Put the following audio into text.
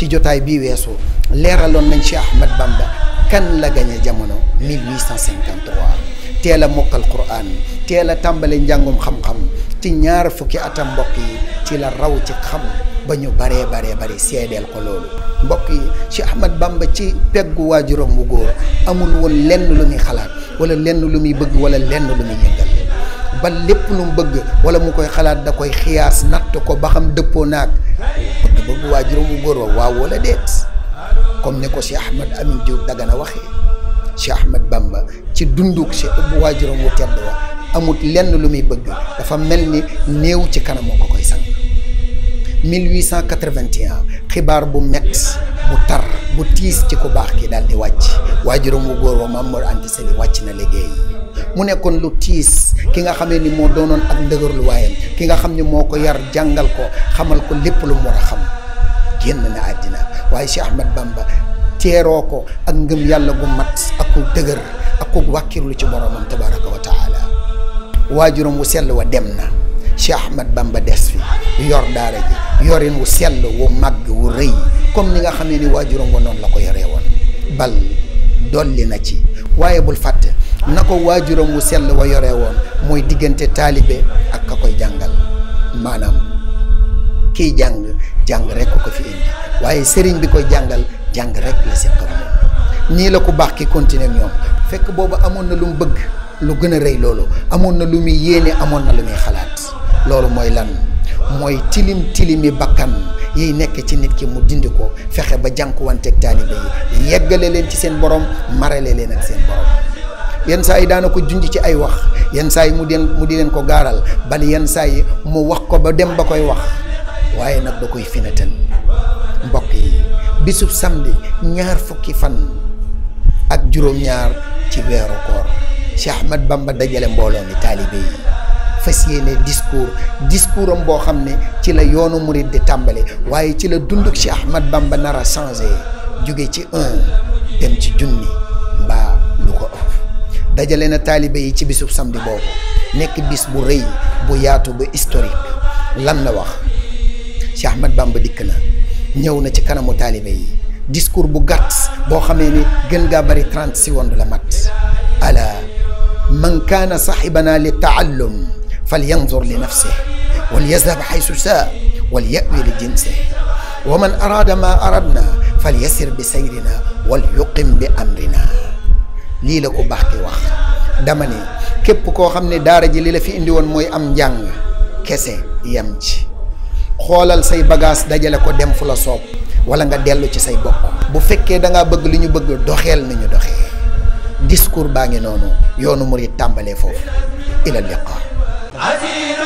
ci jotaay bi weesoo leeraloon nañ Cheikh Ahmad Bamba kan la gañe jamono 1853 teel a mokkal Qur'an teel a tàmbale njàngum xam-xam ci ñaar fukki atam mbokk yi ci la raw ci xam ba ñu baree baree bari seedeel ko loolu mbokk yi Cheikh Ahmad Bamba ci peggu waajuram wu góor amul woon lenn lu muy xalaat wala lenn lu muy bëgg wala lenn lu muy yëngal ba lépp lu mu bëgg wala mu koy xalaat da koy xiyaas natt ko ba xam dëppoo naag waa waajuram bu góor waaw wala déet comme ne ko Cheikh Ahmed Amin Diop Dagana waxee Cheikh Ahmed Bamba ci dunduk Cheikh bu waajuram wu tedd wa amut lenn lu muy bëgg dafa mel ni néew ci kanamoo ko koy sang 1881 xibaar bu mett bu tar bu tiis ci ku baax ki daal di wàcc waajuram wu góor wa Mamour Anta Sali wàcc na liggéey mu nekkoon lu tiis ki nga xamee ni moo doonoon ak ndëgërlu waayam ki nga xam ne moo ko yar jàngal ko xamal ko lépp lu mu war a xam génn na àddina waaye Cheikh Ahmad Bamba teeroo ko ak ngëm yàlla gu mat ak ku dëgër ak ku wàkkirlu ci boromam tabaraka wa taala waajuram wu sell wa dem na Cheikh Ahmad Bamba des fi yor daara ji yorin wu sell wu màgg wu rëy comme ni nga xam ne ni waajuram wa noonu la ko yore woon bal dolli na ci waaye bul fàtte na ko waajuram wu sell wa yore woon mooy diggante taalibe ak ka koy jàngal maanaam kiy jàng jàng rek ko fi indi waaye sëriñ bi koy jàngal jàng rek la seqam moom nii la ku baax ki continuer ñoom fekk boobu amoon na lu mu bëgg lu gën a rëy loolu amoon na lu muy yéene amoon na lu muy xalaat loolu mooy lan mooy tilim tilimi bakkan yi nekk ci nit ki mu dindi ko fexe ba jànkuwanteeg taalibe yi yeggale leen ci seen borom marale leen ak seen borom yenn saa yi daana ko junj ci ay wax yenn saa yi mu mu di leen ko gaaral bal yenn saa yi mu wax ko ba dem ba koy wax waaye nag da koy fineteen mbokk yi bisub samedi ñaar fukki fan ak juróom-ñaar ci weeru koor Cheikh Ahmad Bamba dajale mbooloo mi taalibe yi fas yéene discours discours am boo xam ne ci la yoonu murit di tàmbali waaye ci la dunduk Cheikh Ahmad bam ba nara changé jóge ci un dem ci junni mbaa lu ko ëpp dajale na taalibe yi ci bisub samedi boobu nekk bis bu rëy bu yaatu bu historique lan la wax Cheikh Ahmad Bamba dikk na ñëw na ci kanamu taalibe yi discours bu gàtt boo xamee ni gën ngaa bari 30 secondes la mat ala man kaana saxibana li taallum fal yanzur li nafsih wal yazhab xaysu saa wal yawi li jinse wa man araada ma aradna fal yasir bi sayrina wal yuqim bi amrina lii la ko baax ki wax dama ne képp koo xam ne daara li la fi indi woon mooy am njàng kese yam xoolal say bagaas dajale ko dem fu la soob wala nga dellu ci say bokk bu fekkee da bëgg li ñu bëgg doxeel nañu doxee discours baa ngi noonu yoonu murid tàmbalee foofu ila liqa